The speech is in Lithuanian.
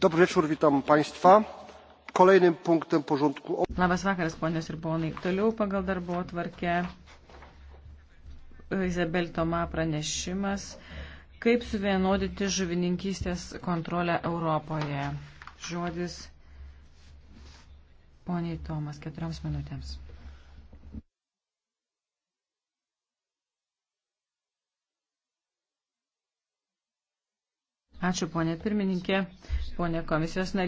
Dobry wieczór, witam Państwa. Kolejnym punktem porządku. Labas vakaras, ponios ir ponai. Toliau pagal darbo atvarkę e, Izabel Toma pranešimas, kaip suvienodinti žuvininkystės kontrolę Europoje. Žodis poniai Tomas keturioms minutėms. Ačiū, ponė pirmininkė, ponė komisijos narė.